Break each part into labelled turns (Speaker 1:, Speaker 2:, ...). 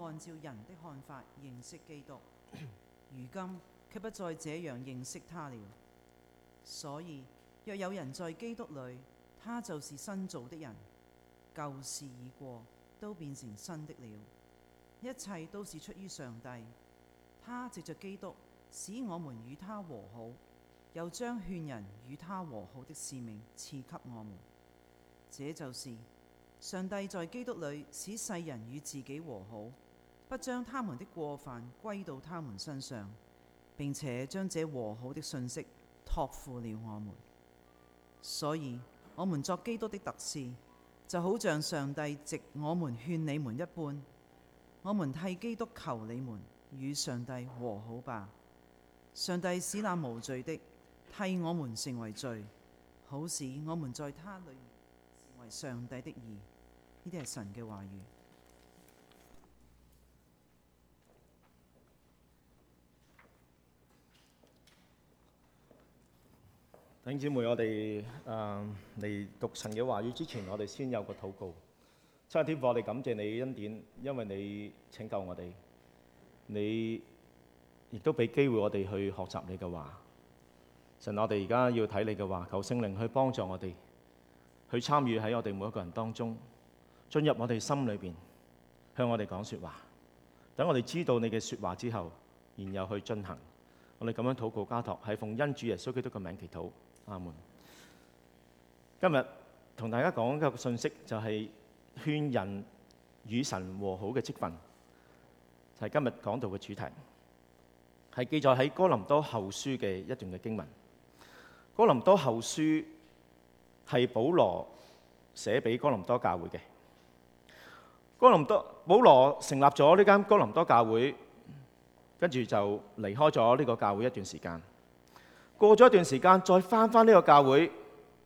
Speaker 1: 按照人的看法認識基督，如今卻不再這樣認識他了。所以，若有人在基督裏，他就是新造的人，舊事已過，都變成新的了。一切都是出於上帝，他借着基督使我們與他和好，又將勸人與他和好的使命賜給我們。這就是。上帝在基督裏使世人與自己和好，不將他們的過犯歸到他們身上，並且將這和好的信息託付了我們。所以，我們作基督的特使，就好像上帝藉我們勸你們一般，我們替基督求你們與上帝和好吧。上帝使那無罪的替我們成為罪，好使我們在他裏面成為上帝的義。呢啲係神嘅話語，
Speaker 2: 弟兄姊妹，我哋誒嚟讀神嘅話語之前，我哋先有個禱告。今日天父，我哋感謝你恩典，因為你拯救我哋，你亦都俾機會我哋去學習你嘅話。神，我哋而家要睇你嘅話，求聖靈去幫助我哋，去參與喺我哋每一個人當中。進入我哋心裏面，向我哋講說話。等我哋知道你嘅說話之後，然後去進行。我哋咁樣禱告家託，係奉恩主耶穌基督嘅名祈禱。阿門。今日同大家講嘅信息就係勸人與神和好嘅職份，就係、是、今日講道嘅主題。係記載喺哥林多後書嘅一段嘅經文。哥林多後書係保羅寫俾哥林多教會嘅。哥林多保羅成立咗呢間哥林多教會，跟住就離開咗呢個教會一段時間。過咗一段時間，再翻翻呢個教會，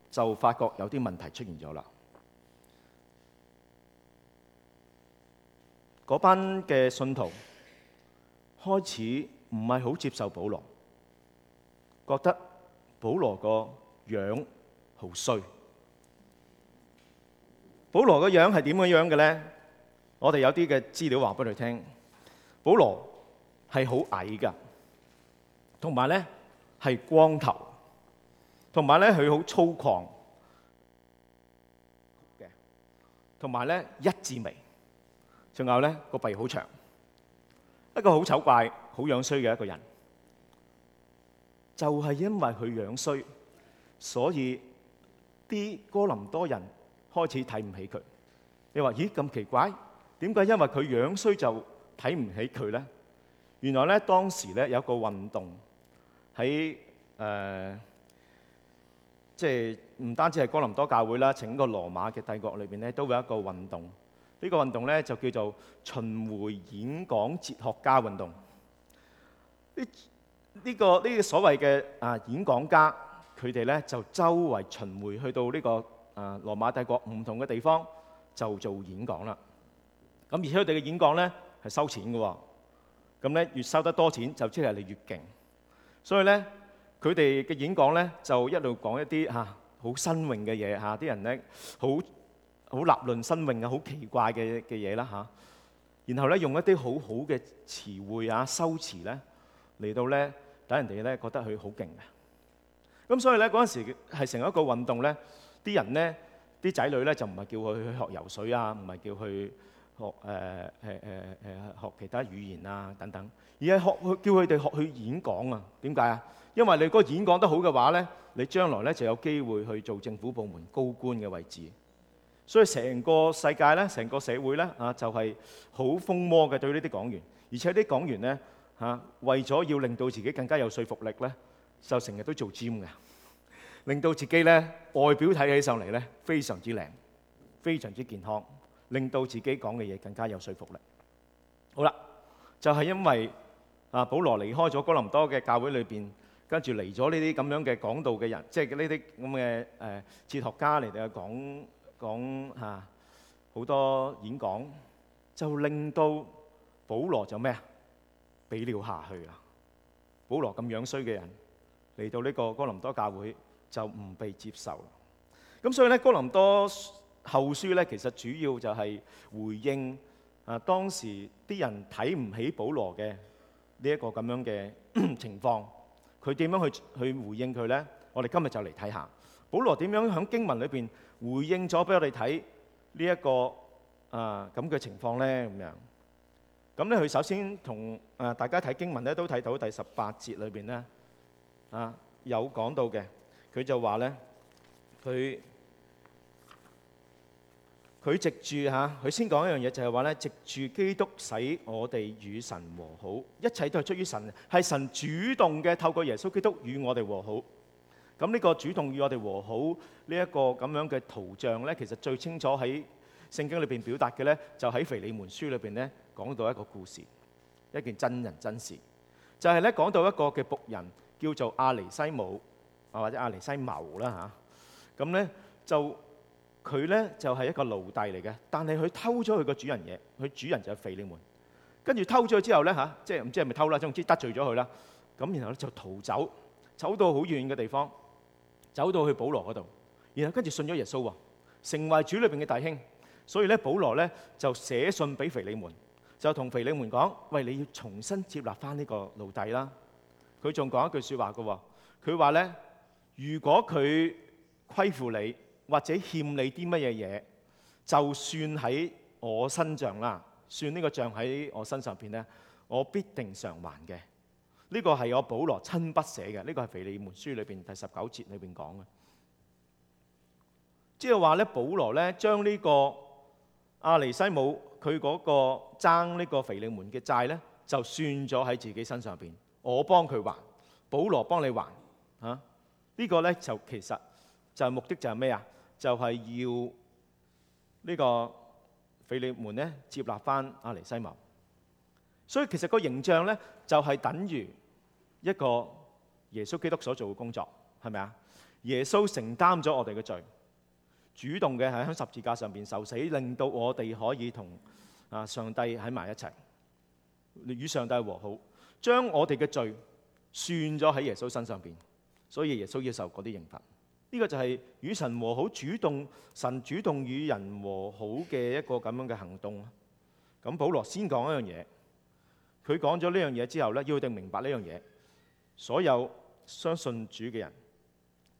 Speaker 2: 就發覺有啲問題出現咗啦。嗰班嘅信徒開始唔係好接受保羅，覺得保羅個樣好衰。保羅個樣係點樣樣嘅咧？我哋有啲嘅資料話俾佢聽，保羅係好矮㗎，同埋咧係光頭，同埋咧佢好粗狂嘅，同埋咧一字眉，仲有咧個鼻好長，一個好醜怪、好樣衰嘅一個人，就係因為佢樣衰，所以啲哥林多人開始睇唔起佢。你話咦咁奇怪？點解？因為佢樣衰就睇唔起佢呢？原來咧，當時咧有一個運動喺誒，即係唔單止係哥林多教會啦，整個羅馬嘅帝國裏邊咧都會有一個運動。呢個運動咧就叫做巡迴演講哲學家運動。呢呢個呢個所謂嘅啊演講家，佢哋咧就周圍巡迴去到呢個啊羅馬帝國唔同嘅地方，就做演講啦。咁而且佢哋嘅演講咧係收錢嘅，咁咧越收得多錢就即係你越勁。所以咧佢哋嘅演講咧就一路講一啲嚇好新穎嘅嘢嚇，啲人咧好好立論新穎嘅好奇怪嘅嘅嘢啦嚇。然後咧用一啲好好嘅詞彙啊修辭咧嚟到咧等人哋咧覺得佢好勁嘅。咁所以咧嗰陣時係成一個運動咧，啲人咧啲仔女咧就唔係叫佢去學游水啊，唔係叫佢去。學誒誒誒誒學其他語言啊等等，而係學去叫佢哋學去演講啊。點解啊？因為你個演講得好嘅話咧，你將來咧就有機會去做政府部門高官嘅位置。所以成個世界咧，成個社會咧啊，就係好風魔嘅對呢啲講員，而且啲講員咧嚇為咗要令到自己更加有說服力咧，就成日都做 gym 㗎，令到自己咧外表睇起上嚟咧非常之靚，非常之健康。令到自己講嘅嘢更加有說服力。好啦，就係因為啊，保羅離開咗哥林多嘅教會裏邊，跟住嚟咗呢啲咁樣嘅講道嘅人，即係呢啲咁嘅誒哲學家嚟嘅，講講嚇好多演講，就令到保羅就咩啊？俾了下去啊！保羅咁樣衰嘅人嚟到呢個哥林多教會就唔被接受啦。咁所以咧，哥林多。後書咧，其實主要就係回應啊當時啲人睇唔起保羅嘅呢一個咁樣嘅情況，佢點樣去去回應佢咧？我哋今日就嚟睇下保羅點樣響經文裏邊回應咗俾我哋睇呢一個啊咁嘅情況咧咁樣。咁咧，佢首先同啊大家睇經文咧，都睇到第十八節裏邊咧啊有講到嘅，佢就話咧佢。佢藉住吓，佢先講一樣嘢就係話咧，藉住基督使我哋與神和好，一切都係出於神，係神主動嘅，透過耶穌基督與我哋和好。咁呢個主動與我哋和好呢一個咁樣嘅圖像咧，其實最清楚喺聖經裏邊表達嘅咧，就喺腓利門書裏邊咧講到一個故事，一件真人真事，就係咧講到一個嘅僕人叫做阿尼西姆啊或者阿尼西謀啦吓咁咧就。佢咧就係一個奴隸嚟嘅，但係佢偷咗佢個主人嘢，佢主人就係腓利門。跟住偷咗之後咧吓，即係唔知係咪偷啦，總之得罪咗佢啦。咁然後咧就逃走，走到好遠嘅地方，走到去保羅嗰度，然後跟住信咗耶穌，成為主裏邊嘅弟兄。所以咧保羅咧就寫信俾腓利門，就同腓利門講：喂，你要重新接納翻呢個奴隸啦。佢仲講一句說話嘅，佢話咧如果佢虧負你。或者欠你啲乜嘢嘢，就算喺我身上啦，算呢個賬喺我身上邊咧，我必定償還嘅。呢、這個係我保羅親筆寫嘅，呢、這個係腓利門書裏邊第十九節裏邊講嘅。即係話咧，保羅咧將呢個阿尼西姆佢嗰個爭呢個腓利門嘅債咧，就算咗喺自己身上邊，我幫佢還，保羅幫你還，吓、啊這個、呢個咧就其實就目的就係咩啊？就係、是、要呢個腓利門咧接納翻阿尼西姆，所以其實個形象咧就係、是、等於一個耶穌基督所做嘅工作，係咪啊？耶穌承擔咗我哋嘅罪，主動嘅係喺十字架上面受死，令到我哋可以同啊上帝喺埋一齊，與上帝和好，將我哋嘅罪算咗喺耶穌身上面，所以耶穌要受嗰啲刑罰。呢、這個就係與神和好主動，神主動與人和好嘅一個咁樣嘅行動。咁，保羅先講一樣嘢，佢講咗呢樣嘢之後咧，要佢明白呢樣嘢。所有相信主嘅人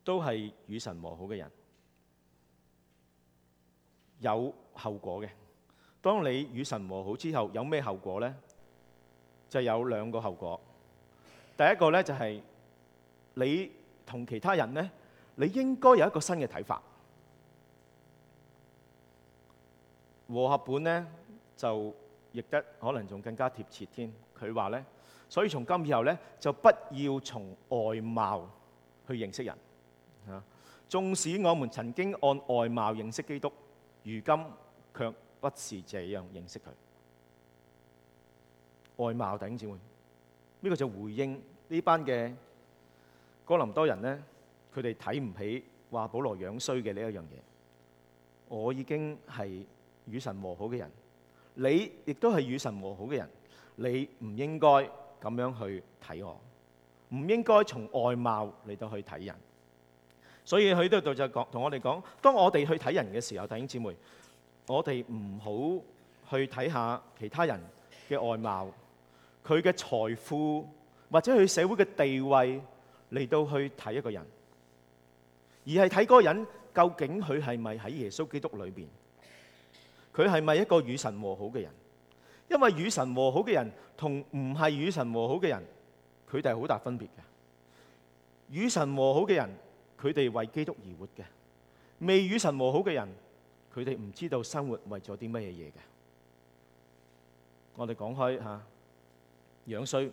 Speaker 2: 都係與神和好嘅人，有後果嘅。當你與神和好之後，有咩後果呢？就有兩個後果。第一個呢、就是，就係你同其他人呢。你應該有一個新嘅睇法，和合本咧就譯得可能仲更加貼切添。佢話咧，所以從今以後咧就不要從外貌去認識人啊。縱使我們曾經按外貌認識基督，如今卻不是這樣認識佢。外貌，弟兄姊妹，呢個就回應呢班嘅哥林多人咧。佢哋睇唔起話保羅樣衰嘅呢一樣嘢。我已經係與神和好嘅人，你亦都係與神和好嘅人。你唔應該咁樣去睇我，唔應該從外貌嚟到去睇人。所以佢喺呢度就講同我哋講，當我哋去睇人嘅時候，弟兄姊妹，我哋唔好去睇下其他人嘅外貌，佢嘅財富或者佢社會嘅地位嚟到去睇一個人。而係睇嗰個人究竟佢係咪喺耶穌基督裏邊？佢係咪一個與神和好嘅人？因為與神和好嘅人同唔係與神和好嘅人，佢哋係好大分別嘅。與神和好嘅人，佢哋為基督而活嘅；未與神和好嘅人，佢哋唔知道生活為咗啲乜嘢嘢嘅。我哋講開吓，樣衰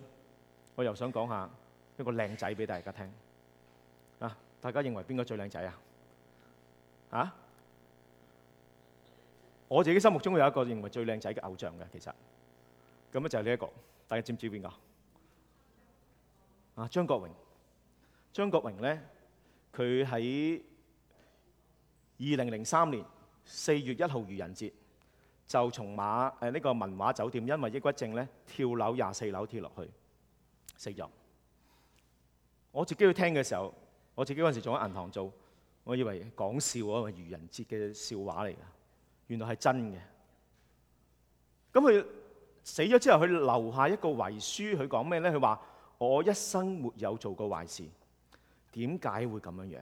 Speaker 2: 我又想講下一個靚仔俾大家聽。大家認為邊個最靚仔啊？啊！我自己心目中有一個認為最靚仔嘅偶像嘅，其實咁咧就係呢一個。大家知唔知邊個啊？張國榮。張國榮咧，佢喺二零零三年四月一號愚人節，就從馬誒呢個文華酒店，因為抑鬱症咧跳樓廿四樓跳落去，死咗。我自己要聽嘅時候。我自己嗰時仲喺銀行做，我以為講笑啊，愚人節嘅笑話嚟㗎，原來係真嘅。咁佢死咗之後，佢留下一個遺書，佢講咩咧？佢話：我一生沒有做過壞事，點解會咁樣樣？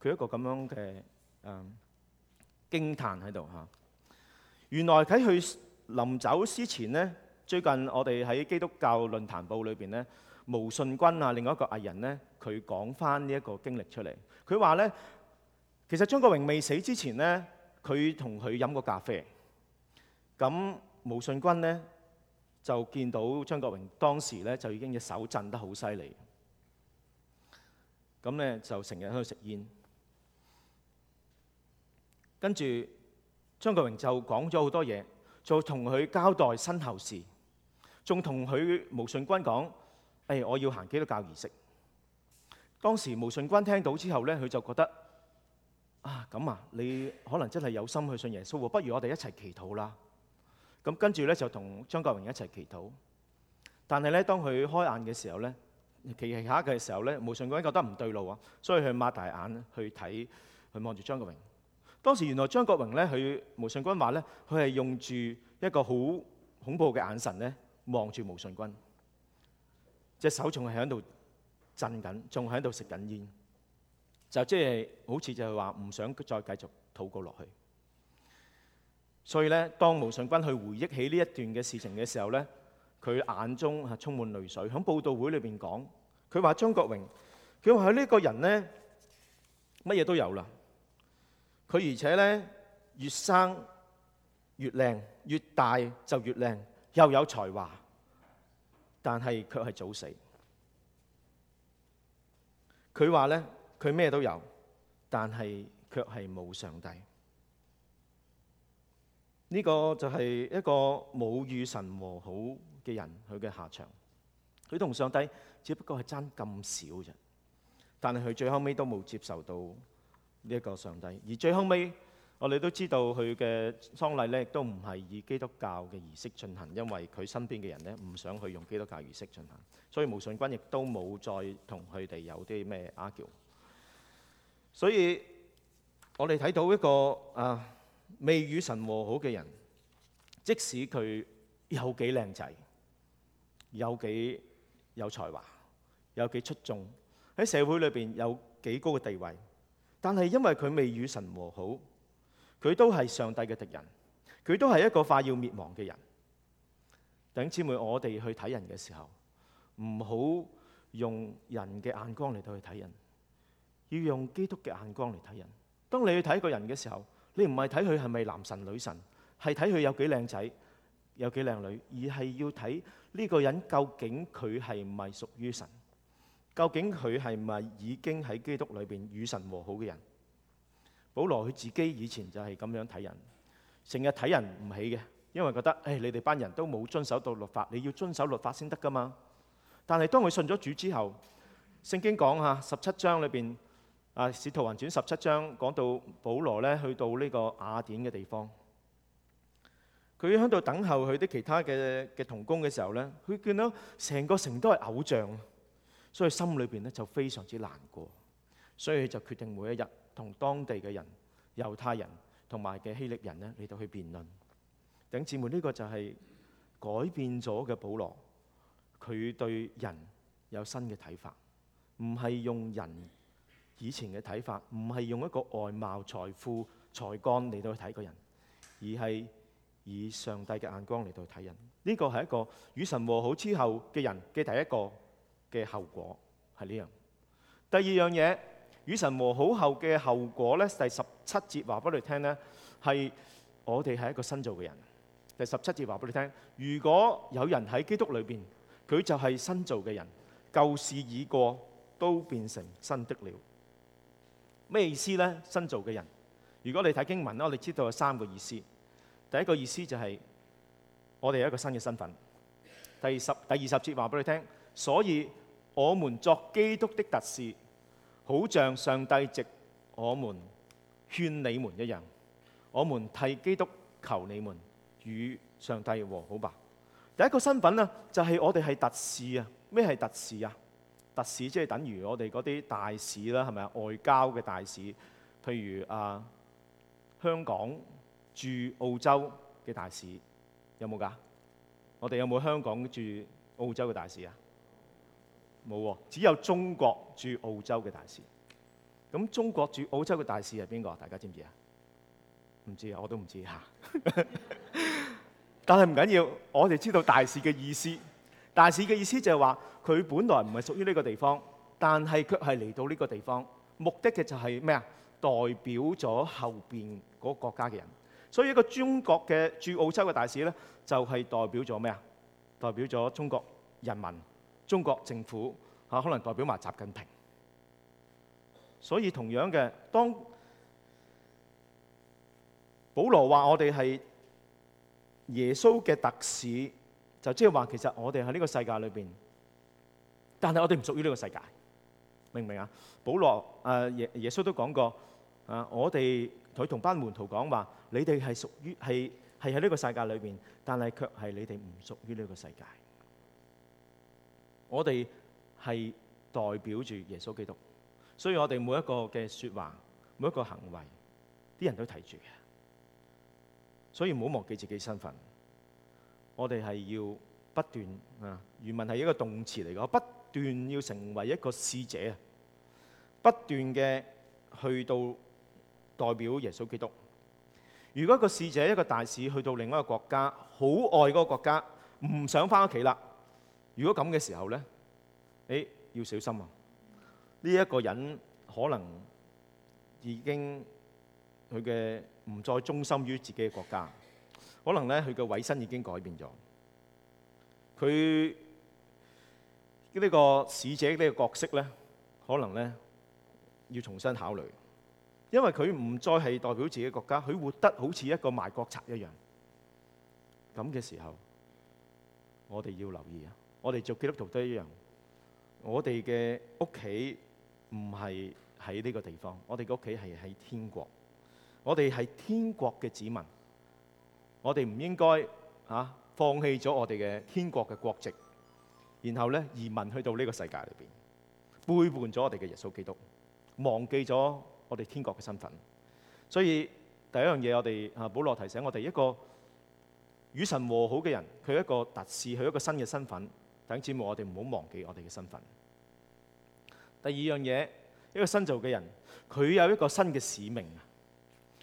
Speaker 2: 佢一個咁樣嘅誒驚歎喺度嚇。原來喺佢臨走之前咧，最近我哋喺基督教論壇報裏邊咧。毛舜筠啊，另外一個藝人咧，佢講翻呢一個經歷出嚟。佢話咧，其實張國榮未死之前咧，佢同佢飲過咖啡。咁毛舜筠咧就見到張國榮當時咧就已經隻手震得好犀利。咁咧就成日喺度食煙。跟住張國榮就講咗好多嘢，就同佢交代身後事，仲同佢毛舜筠講。誒、哎，我要行基督教儀式。當時毛舜筠聽到之後咧，佢就覺得啊，咁啊，你可能真係有心去信耶穌喎，不如我哋一齊祈禱啦。咁跟住咧就同張國榮一齊祈禱。但係咧，當佢開眼嘅時候咧，祈下嘅時候咧，毛舜筠覺得唔對路啊，所以佢擘大眼去睇，去望住張國榮。當時原來張國榮咧，佢毛舜筠話咧，佢係用住一個好恐怖嘅眼神咧望住毛舜筠。隻手仲係喺度震緊，仲喺度食緊煙，就即係好似就係話唔想再繼續禱告落去。所以咧，當毛舜筠去回憶起呢一段嘅事情嘅時候咧，佢眼中啊充滿淚水。喺報道會裏邊講，佢話張國榮，佢話呢個人咧，乜嘢都有啦。佢而且咧，越生越靚，越大就越靚，又有才華。但係卻係早死。佢話呢，佢咩都有，但係卻係冇上帝。呢個就係一個冇與神和好嘅人，佢嘅下場。佢同上帝只不過係爭咁少啫，但係佢最後尾都冇接受到呢一個上帝，而最後尾。我哋都知道佢嘅喪禮咧，都唔係以基督教嘅儀式進行，因為佢身邊嘅人咧唔想去用基督教儀式進行，所以毛舜筠亦都冇再同佢哋有啲咩拗撬。所以我哋睇到一個啊，未與神和好嘅人，即使佢有幾靚仔，有幾有才華，有幾出眾，喺社會裏邊有幾高嘅地位，但係因為佢未與神和好。佢都係上帝嘅敵人，佢都係一個快要滅亡嘅人。弟兄姊妹，我哋去睇人嘅時候，唔好用人嘅眼光嚟到去睇人，要用基督嘅眼光嚟睇人。當你去睇一個人嘅時候，你唔係睇佢係咪男神女神，係睇佢有幾靚仔、有幾靚女，而係要睇呢個人究竟佢係咪屬於神，究竟佢係咪已經喺基督裏邊與神和好嘅人。保羅佢自己以前就係咁樣睇人，成日睇人唔起嘅，因為覺得，誒，你哋班人都冇遵守到律法，你要遵守律法先得噶嘛。但係當佢信咗主之後，聖經講吓十七章裏邊，啊，使徒行傳十七章講到保羅咧去到呢個雅典嘅地方，佢喺度等候佢啲其他嘅嘅同工嘅時候咧，佢見到成個城都係偶像，所以心裏邊咧就非常之難過，所以佢就決定每一日，同當地嘅人、猶太人同埋嘅希臘人咧嚟到去辯論，弟兄姊妹，呢個就係改變咗嘅保羅，佢對人有新嘅睇法，唔係用人以前嘅睇法，唔係用一個外貌、財富、才幹嚟到去睇個人，而係以上帝嘅眼光嚟到去睇人。呢個係一個與神和好之後嘅人嘅第一個嘅後果係呢樣，第二樣嘢。與神和好後嘅後果呢？第十七節話俾你聽呢，係我哋係一個新造嘅人。第十七節話俾你聽，如果有人喺基督裏邊，佢就係新造嘅人，舊事已過，都變成新的了。咩意思呢？新造嘅人，如果你睇經文咧，我哋知道有三個意思。第一個意思就係我哋有一個新嘅身份。第十第二十節話俾你聽，所以我們作基督的特使。好像上帝藉我們勸你們一樣，我們替基督求你們與上帝和好吧。第一個身份呢，就係我哋係特使啊。咩係特使啊？特使即係等於我哋嗰啲大使啦，係咪啊？外交嘅大使，譬如啊、呃，香港駐澳洲嘅大使有冇㗎？我哋有冇香港駐澳洲嘅大使啊？冇喎，只有中國駐澳洲嘅大使。咁中國駐澳洲嘅大使係邊個啊？大家知唔知啊？唔知啊，我都唔知嚇。 但係唔緊要，我哋知道大使嘅意思。大使嘅意思就係話，佢本來唔係屬於呢個地方，但係卻係嚟到呢個地方，目的嘅就係咩啊？代表咗後邊嗰國家嘅人。所以一個中國嘅駐澳洲嘅大使呢，就係代表咗咩啊？代表咗中國人民。中國政府嚇，可能代表埋習近平，所以同樣嘅。當保羅話我哋係耶穌嘅特使，就即係話其實我哋喺呢個世界裏邊，但係我哋唔屬於呢個世界，明唔明啊？保羅誒耶耶穌都講過誒、啊，我哋佢同班門徒講話，你哋係屬於係係喺呢個世界裏邊，但係卻係你哋唔屬於呢個世界。我哋係代表住耶穌基督，所以我哋每一個嘅説話、每一個行為，啲人都睇住嘅。所以唔好忘記自己身份。我哋係要不斷啊，願聞係一個動詞嚟嘅，不斷要成為一個使者，不斷嘅去到代表耶穌基督。如果一個使者、一個大使去到另一個國家，好愛嗰個國家，唔想翻屋企啦。如果咁嘅時候呢，誒要小心啊！呢一個人可能已經佢嘅唔再忠心於自己嘅國家，可能呢佢嘅委身已經改變咗，佢呢個使者呢個角色呢，可能呢要重新考慮，因為佢唔再係代表自己國家，佢活得好似一個賣國賊一樣。咁嘅時候，我哋要留意啊！我哋做基督徒都一樣，我哋嘅屋企唔係喺呢個地方，我哋嘅屋企係喺天國，我哋係天國嘅子民，我哋唔應該啊，放棄咗我哋嘅天國嘅國籍，然後咧移民去到呢個世界裏邊，背叛咗我哋嘅耶穌基督，忘記咗我哋天國嘅身份。所以第一樣嘢，我哋啊，保羅提醒我哋一個與神和好嘅人，佢一個特視，佢一個新嘅身份。等節目，我哋唔好忘記我哋嘅身份。第二樣嘢，一個新造嘅人，佢有一個新嘅使命。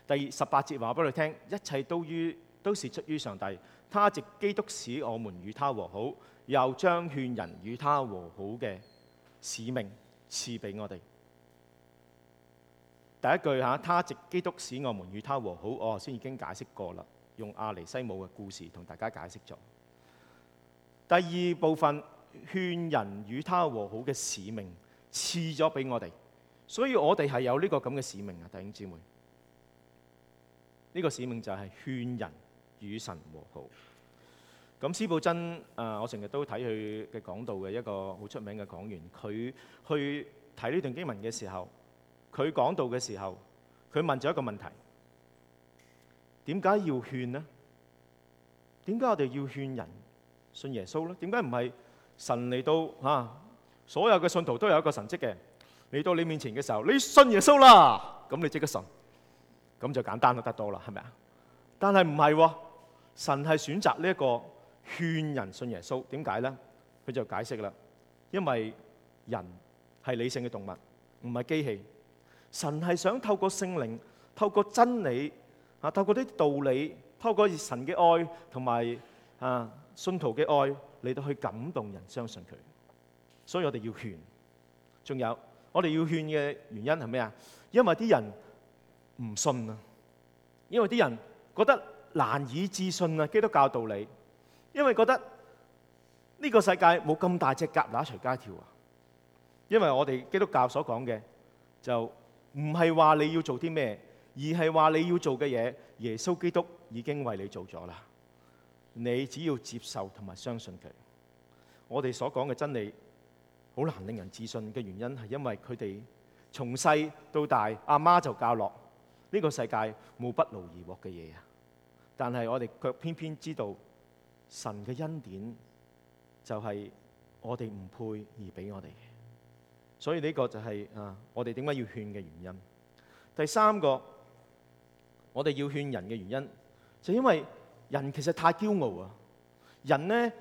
Speaker 2: 第十八節話俾你聽，一切都於都是出於上帝。他藉基督使我們與他和好，又將勸人與他和好嘅使命賜俾我哋。第一句嚇，他藉基督使我們與他和好，我先已經解釋過啦，用阿尼西姆嘅故事同大家解釋咗。第二部分勸人與他和好嘅使命賜咗俾我哋，所以我哋係有呢個咁嘅使命啊！弟兄姊妹，呢、這個使命就係勸人與神和好。咁司布真啊，我成日都睇佢嘅講道嘅一個好出名嘅講員，佢去睇呢段經文嘅時候，佢講道嘅時候，佢問咗一個問題：點解要勸呢？點解我哋要勸人？信耶穌咯？點解唔係神嚟到啊？所有嘅信徒都有一個神跡嘅嚟到你面前嘅時候，你信耶穌啦，咁你即刻信，咁就簡單就得多啦，係咪啊？但係唔係喎，神係選擇呢一個勸人信耶穌？點解咧？佢就解釋啦，因為人係理性嘅動物，唔係機器。神係想透過聖靈、透過真理啊、透過啲道理、透過神嘅愛同埋啊，信徒嘅愛你都去感動人相信佢，所以我哋要勸。仲有我哋要勸嘅原因係咩啊？因為啲人唔信啊，因為啲人覺得難以置信啊，基督教道理，因為覺得呢個世界冇咁大隻蛤乸隨街跳啊。因為我哋基督教所講嘅就唔係話你要做啲咩，而係話你要做嘅嘢，耶穌基督已經為你做咗啦。你只要接受同埋相信佢，我哋所講嘅真理好難令人置信嘅原因係因為佢哋從細到大阿媽就教落，呢個世界冇不勞而獲嘅嘢啊！但係我哋卻偏偏知道神嘅恩典就係我哋唔配而俾我哋，所以呢個就係啊，我哋點解要勸嘅原因。第三個，我哋要勸人嘅原因就因為。人其實太驕傲啊！人呢，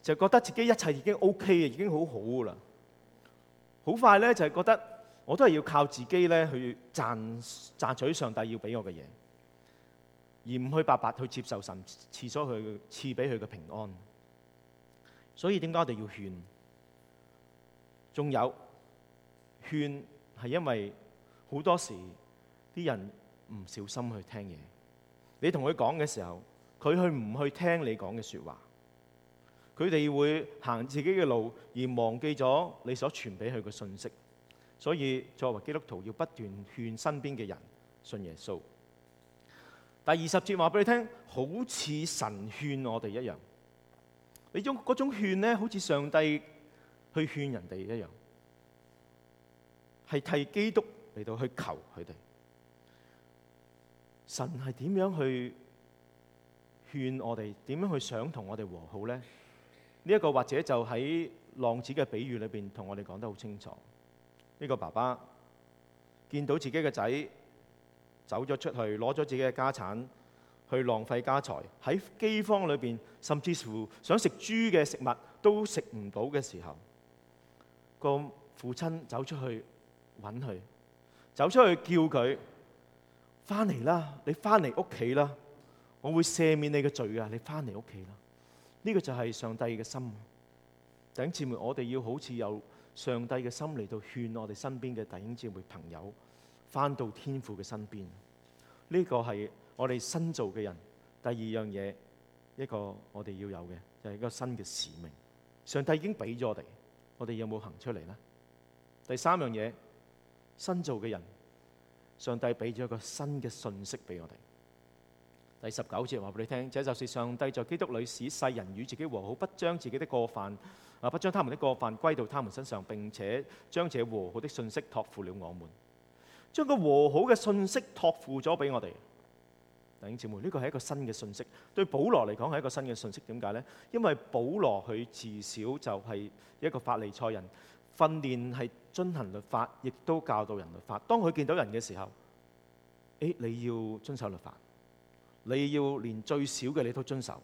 Speaker 2: 就覺得自己一切已經 OK 嘅，已經好好噶啦。好快呢，就係覺得我都係要靠自己呢去賺賺取上帝要俾我嘅嘢，而唔去白白去接受神賜咗佢賜俾佢嘅平安。所以點解我哋要勸？仲有勸係因為好多時啲人唔小心去聽嘢，你同佢講嘅時候。佢去唔去聽你講嘅說話？佢哋會行自己嘅路，而忘記咗你所傳俾佢嘅信息。所以作為基督徒，要不斷勸身邊嘅人信耶穌。第二十節話俾你聽，好似神勸我哋一樣。你用那種嗰種勸咧，好似上帝去勸人哋一樣，係替基督嚟到去求佢哋。神係點樣去？勸我哋點樣去想同我哋和好呢？呢一個或者就喺浪子嘅比喻裏面，同我哋講得好清楚。呢個爸爸見到自己嘅仔走咗出去，攞咗自己嘅家產去浪費家財，喺饑荒裏面，甚至乎想食豬嘅食物都食唔到嘅時候，個父親走出去揾佢，走出去叫佢翻嚟啦，你翻嚟屋企啦。我會赦免你嘅罪啊！你翻嚟屋企啦，呢個就係上帝嘅心。弟兄姊妹，我哋要好似有上帝嘅心嚟到勸我哋身邊嘅弟兄姊妹朋友，翻到天父嘅身邊。呢個係我哋新造嘅人第二樣嘢，一個我哋要有嘅就係一個新嘅使命。上帝已經俾咗我哋，我哋有冇行出嚟咧？第三樣嘢，新造嘅人，上帝俾咗一個新嘅信息俾我哋。第十九節話俾你聽，這就是上帝在基督裏使世人與自己和好，不將自己的過犯啊，不將他們的過犯歸到他們身上，並且將這和好的信息託付了我們，將個和好嘅信息託付咗俾我哋。弟兄姊妹，呢個係一個新嘅信息，對保羅嚟講係一個新嘅信息。點解呢？因為保羅佢自小就係一個法利賽人，訓練係遵行律法，亦都教導人律法。當佢見到人嘅時候，誒，你要遵守律法。你要連最少嘅你都遵守，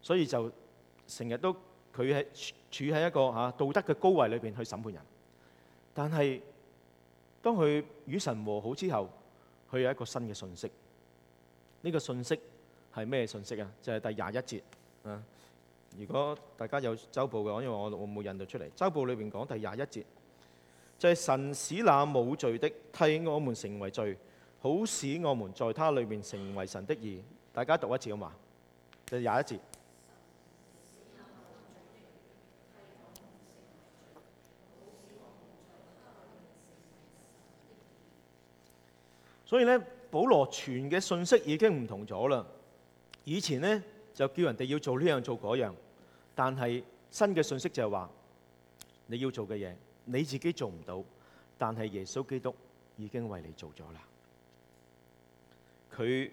Speaker 2: 所以就成日都佢喺處喺一個道德嘅高位裏面去審判人。但係當佢與神和好之後，佢有一個新嘅信息。呢個信息係咩信息啊？就係、是、第廿一節啊！如果大家有周報嘅，因為我我冇印到出嚟。周報裏面講第廿一節、就是，就係神使那無罪的替我們成為罪。好使我們在他裏面成為神的義。大家讀一次好嘛？就廿一節。所以咧，保羅傳嘅信息已經唔同咗啦。以前呢，就叫人哋要做呢樣做嗰樣，但係新嘅信息就係話，你要做嘅嘢你自己做唔到，但係耶穌基督已經為你做咗啦。佢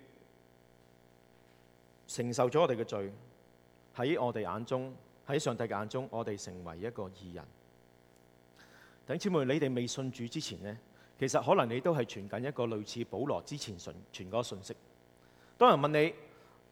Speaker 2: 承受咗我哋嘅罪，喺我哋眼中，喺上帝嘅眼中，我哋成為一個義人。弟兄姊妹，你哋未信主之前呢，其實可能你都係傳緊一個類似保羅之前傳傳嗰個信息。當人問你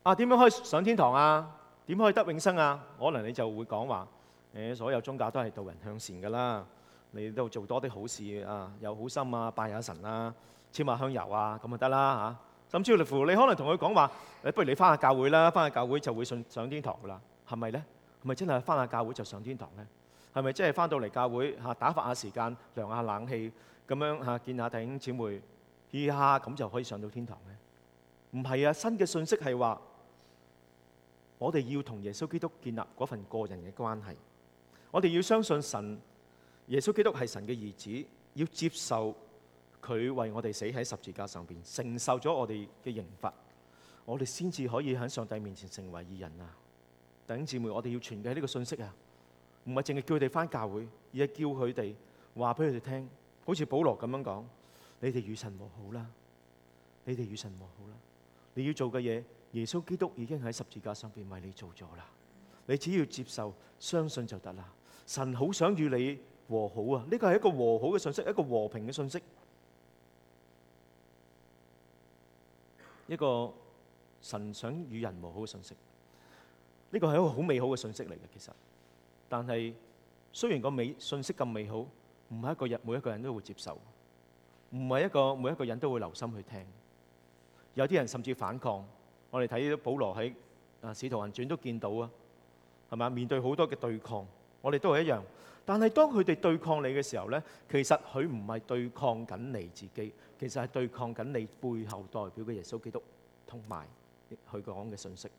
Speaker 2: 啊，點樣可以上天堂啊？點可以得永生啊？可能你就會講話：誒、呃，所有宗教都係導人向善噶啦，你都做多啲好事啊，有好心啊，拜下神啊，簽下香油啊，咁就得啦吓。甚至乎你可能同佢講話：誒，不如你翻下教會啦，翻下教會就會上上天堂噶啦，係咪咧？係咪真係翻下教會就上天堂咧？係咪真係翻到嚟教會嚇打發下時間，涼下冷氣咁樣嚇，見下弟兄姊妹嘻嘻哈，咁就可以上到天堂咧？唔係啊，新嘅信息係話：我哋要同耶穌基督建立嗰份個人嘅關係。我哋要相信神，耶穌基督係神嘅兒子，要接受。佢為我哋死喺十字架上邊，承受咗我哋嘅刑罰，我哋先至可以喺上帝面前成為義人啊！弟兄姊妹，我哋要傳遞呢個信息啊！唔係淨係叫佢哋翻教會，而係叫佢哋話俾佢哋聽，好似保羅咁樣講：你哋與神和好啦！你哋與神和好啦！你要做嘅嘢，耶穌基督已經喺十字架上邊為你做咗啦。你只要接受、相信就得啦。神好想與你和好啊！呢個係一個和好嘅信息，一個和平嘅信息。一個神想與人和好嘅信息，呢個係一個好美好嘅信息嚟嘅，其實。但係雖然個美信息咁美好，唔係一個人每一個人都會接受，唔係一個每一個人都會留心去聽。有啲人甚至反抗，我哋睇到保羅喺啊《使徒行傳》都見到啊，係咪？面對好多嘅對抗，我哋都係一樣。但係當佢哋對抗你嘅時候咧，其實佢唔係對抗緊你自己，其實係對抗緊你背後代表嘅耶穌基督同埋佢講嘅信息。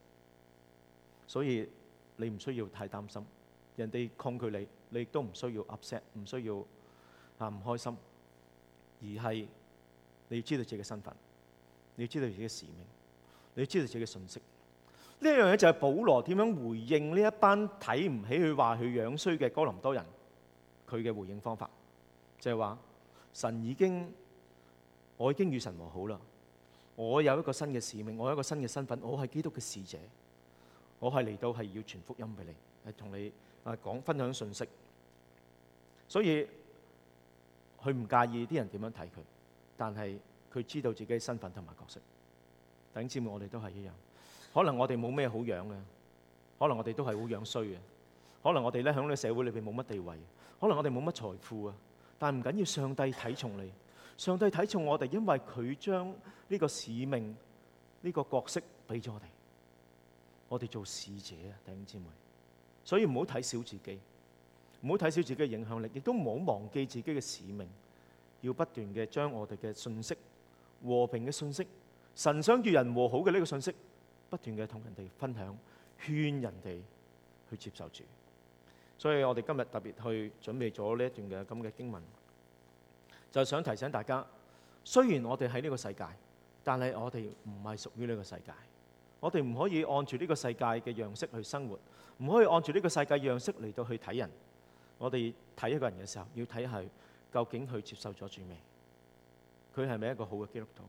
Speaker 2: 所以你唔需要太擔心，人哋抗拒你，你亦都唔需要 upset，唔需要啊唔開心，而係你要知道自己嘅身份，你要知道自己嘅使命，你要知道自己嘅信息。呢樣嘢就係保羅點樣回應呢一班睇唔起佢話佢樣衰嘅哥林多人，佢嘅回應方法就係話：神已經，我已經與神和好啦，我有一個新嘅使命，我有一個新嘅身份，我係基督嘅使者，我係嚟到係要傳福音俾你，係同你啊講分享信息。所以佢唔介意啲人點樣睇佢，但係佢知道自己身份同埋角色。等住我哋都係一樣。可能我哋冇咩好樣嘅，可能我哋都係好樣衰嘅，可能我哋咧喺呢個社會裏邊冇乜地位，可能我哋冇乜財富啊。但係唔緊要，上帝睇重你，上帝睇重我哋，因為佢將呢個使命呢個角色俾咗我哋，我哋做使者啊，弟兄姊妹。所以唔好睇小自己，唔好睇小自己嘅影響力，亦都唔好忘記自己嘅使命，要不斷嘅將我哋嘅信息、和平嘅信息、神想與人和好嘅呢個信息。不斷嘅同人哋分享，勸人哋去接受主。所以我哋今日特別去準備咗呢一段嘅咁嘅經文，就想提醒大家：雖然我哋喺呢個世界，但係我哋唔係屬於呢個世界。我哋唔可以按住呢個世界嘅樣式去生活，唔可以按住呢個世界樣式嚟到去睇人。我哋睇一個人嘅時候，要睇係究竟佢接受咗主未？佢係咪一個好嘅基督徒？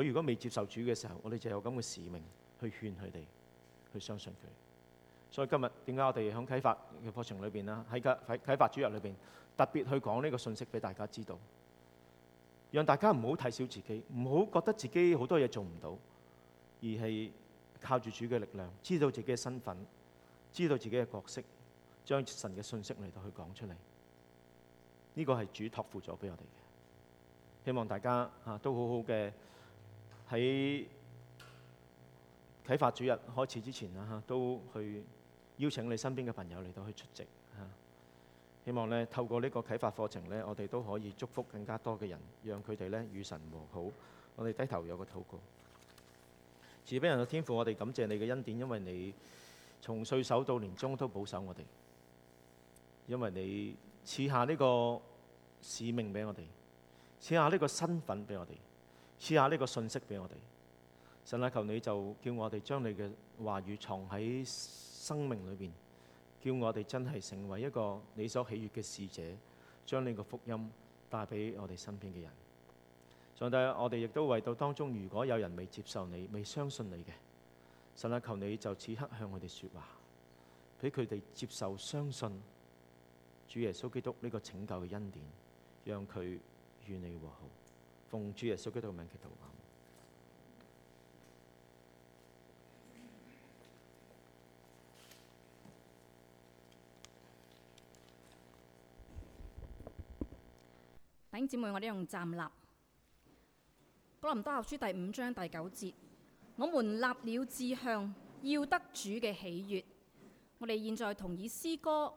Speaker 2: 佢如果未接受主嘅時候，我哋就有咁嘅使命去勸佢哋去相信佢。所以今日點解我哋響啟發嘅課程裏邊啦，喺啟發主日裏邊特別去講呢個信息俾大家知道，讓大家唔好睇小自己，唔好覺得自己好多嘢做唔到，而係靠住主嘅力量，知道自己嘅身份，知道自己嘅角色，將神嘅信息嚟到去講出嚟。呢個係主託付咗俾我哋嘅，希望大家啊都好好嘅。喺啟發主日開始之前啦，都去邀請你身邊嘅朋友嚟到去出席吓。希望咧透過呢個啟發課程咧，我哋都可以祝福更加多嘅人，讓佢哋咧與神和好。我哋低頭有個禱告。慈悲人嘅天父，我哋感謝你嘅恩典，因為你從歲首到年終都保守我哋，因為你賜下呢個使命俾我哋，賜下呢個身份俾我哋。賜下呢個信息俾我哋，神啊，求你就叫我哋將你嘅話語藏喺生命裏邊，叫我哋真係成為一個你所喜悅嘅使者，將呢個福音帶俾我哋身邊嘅人。上帝，我哋亦都為到當中，如果有人未接受你、未相信你嘅，神啊，求你就此刻向我哋說話，俾佢哋接受、相信主耶穌基督呢個拯救嘅恩典，讓佢與你和好。奉主耶穌基督名祈禱， 弟兄姊妹，我哋用站立。哥林多後書第五章第九節：我們立了志向，要得主嘅喜悅。我哋現在同以詩歌。